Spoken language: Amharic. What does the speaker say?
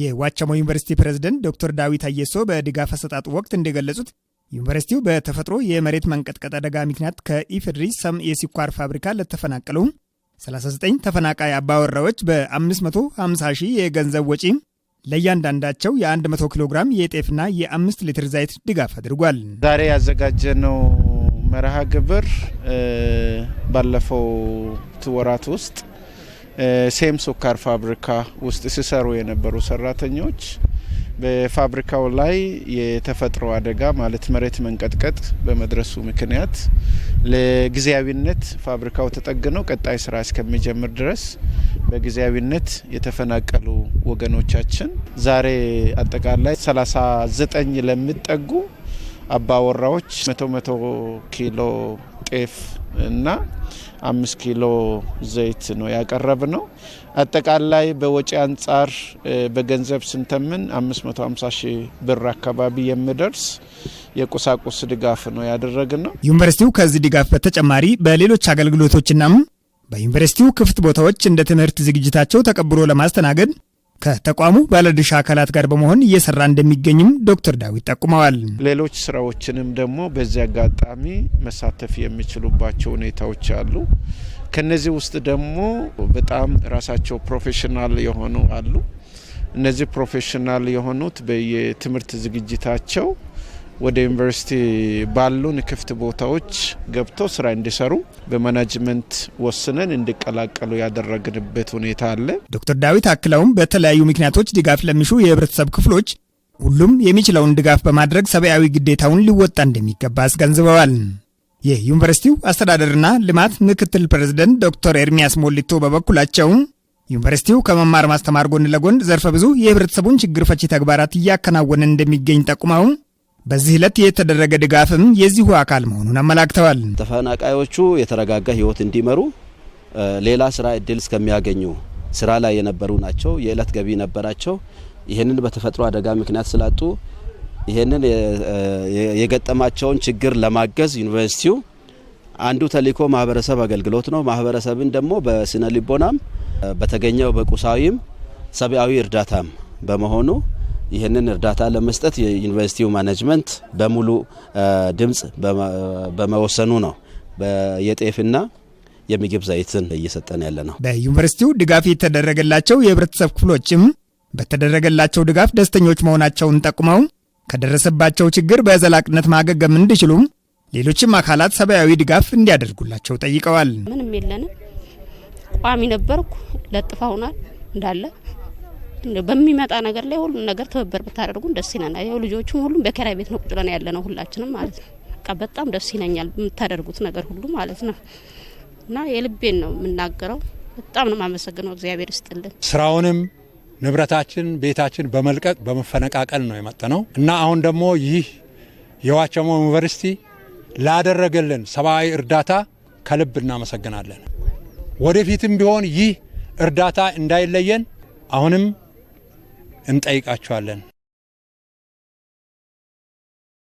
የዋቸሞ ዩኒቨርሲቲ ፕሬዝደንት ዶክተር ዳዊት አየሶ በድጋፍ አሰጣጡ ወቅት እንደገለጹት ዩኒቨርሲቲው በተፈጥሮ የመሬት መንቀጥቀጥ አደጋ ምክንያት ከኢፌድሪ ሰም የስኳር ፋብሪካ ለተፈናቀሉ 39 ተፈናቃይ አባወራዎች በ550 ሺህ የገንዘብ ወጪ ለእያንዳንዳቸው የ100 ኪሎ ግራም የጤፍና የ5 ሊትር ዘይት ድጋፍ አድርጓል። ዛሬ ያዘጋጀነው መርሃ ግብር ባለፈው ወራት ውስጥ ሴም ስኳር ፋብሪካ ውስጥ ሲሰሩ የነበሩ ሰራተኞች በፋብሪካው ላይ የተፈጥሮ አደጋ ማለት መሬት መንቀጥቀጥ በመድረሱ ምክንያት ለጊዜያዊነት ፋብሪካው ተጠግነው ቀጣይ ስራ እስከሚጀምር ድረስ በጊዜያዊነት የተፈናቀሉ ወገኖቻችን ዛሬ አጠቃላይ 39 ለሚጠጉ አባወራዎች መቶ መቶ ኪሎ ጤፍ እና አምስት ኪሎ ዘይት ነው ያቀረብ ነው። አጠቃላይ በወጪ አንጻር በገንዘብ ስንተምን 550 ሺህ ብር አካባቢ የሚደርስ የቁሳቁስ ድጋፍ ነው ያደረግ ነው። ዩኒቨርሲቲው ከዚህ ድጋፍ በተጨማሪ በሌሎች አገልግሎቶችናም በዩኒቨርሲቲው ክፍት ቦታዎች እንደ ትምህርት ዝግጅታቸው ተቀብሎ ለማስተናገድ ከተቋሙ ባለድርሻ አካላት ጋር በመሆን እየሰራ እንደሚገኝም ዶክተር ዳዊት ጠቁመዋል። ሌሎች ስራዎችንም ደግሞ በዚህ አጋጣሚ መሳተፍ የሚችሉባቸው ሁኔታዎች አሉ። ከነዚህ ውስጥ ደግሞ በጣም ራሳቸው ፕሮፌሽናል የሆኑ አሉ። እነዚህ ፕሮፌሽናል የሆኑት በየትምህርት ዝግጅታቸው ወደ ዩኒቨርሲቲ ባሉን ክፍት ቦታዎች ገብተው ስራ እንዲሰሩ በማናጅመንት ወስነን እንዲቀላቀሉ ያደረግንበት ሁኔታ አለ። ዶክተር ዳዊት አክለውም በተለያዩ ምክንያቶች ድጋፍ ለሚሹ የህብረተሰብ ክፍሎች ሁሉም የሚችለውን ድጋፍ በማድረግ ሰብአዊ ግዴታውን ሊወጣ እንደሚገባ አስገንዝበዋል። የዩኒቨርሲቲው አስተዳደርና ልማት ምክትል ፕሬዝደንት ዶክተር ኤርሚያስ ሞሊቶ በበኩላቸው ዩኒቨርሲቲው ከመማር ማስተማር ጎን ለጎን ዘርፈ ብዙ የህብረተሰቡን ችግር ፈቺ ተግባራት እያከናወነ እንደሚገኝ ጠቁመው በዚህ ዕለት የተደረገ ድጋፍም የዚሁ አካል መሆኑን አመላክተዋል። ተፈናቃዮቹ የተረጋጋ ህይወት እንዲመሩ ሌላ ስራ እድል እስከሚያገኙ ስራ ላይ የነበሩ ናቸው። የዕለት ገቢ ነበራቸው። ይህንን በተፈጥሮ አደጋ ምክንያት ስላጡ ይህንን የገጠማቸውን ችግር ለማገዝ ዩኒቨርሲቲው አንዱ ተልእኮ ማህበረሰብ አገልግሎት ነው። ማህበረሰብን ደግሞ በስነ ልቦናም በተገኘው በቁሳዊም ሰብአዊ እርዳታም በመሆኑ ይህንን እርዳታ ለመስጠት የዩኒቨርሲቲው ማኔጅመንት በሙሉ ድምፅ በመወሰኑ ነው የጤፍና የምግብ ዘይትን እየሰጠን ያለ ነው። በዩኒቨርሲቲው ድጋፍ የተደረገላቸው የህብረተሰብ ክፍሎችም በተደረገላቸው ድጋፍ ደስተኞች መሆናቸውን ጠቁመው ከደረሰባቸው ችግር በዘላቅነት ማገገም እንዲችሉም ሌሎችም አካላት ሰብአዊ ድጋፍ እንዲያደርጉላቸው ጠይቀዋል። ምንም የለንም። ቋሚ ነበርኩ ለጥፋውናል እንዳለ በሚመጣ ነገር ላይ ሁሉም ነገር ትብብር ብታደርጉን ደስ ይለናል። ያው ልጆቹም ሁሉም በኪራይ ቤት ነው ቁጭ ብለን ያለ ነው ሁላችንም ማለት ነው። በቃ በጣም ደስ ይለኛል የምታደርጉት ነገር ሁሉ ማለት ነው እና የልቤን ነው የምናገረው። በጣም ነው የማመሰግነው። እግዚአብሔር ይስጥልን። ስራውንም ንብረታችን ቤታችን በመልቀቅ በመፈነቃቀል ነው የመጠ ነው እና አሁን ደግሞ ይህ የዋቸሞ ዩኒቨርሲቲ ላደረገልን ሰብአዊ እርዳታ ከልብ እናመሰግናለን። ወደፊትም ቢሆን ይህ እርዳታ እንዳይለየን አሁንም እንጠይቃቸዋለን።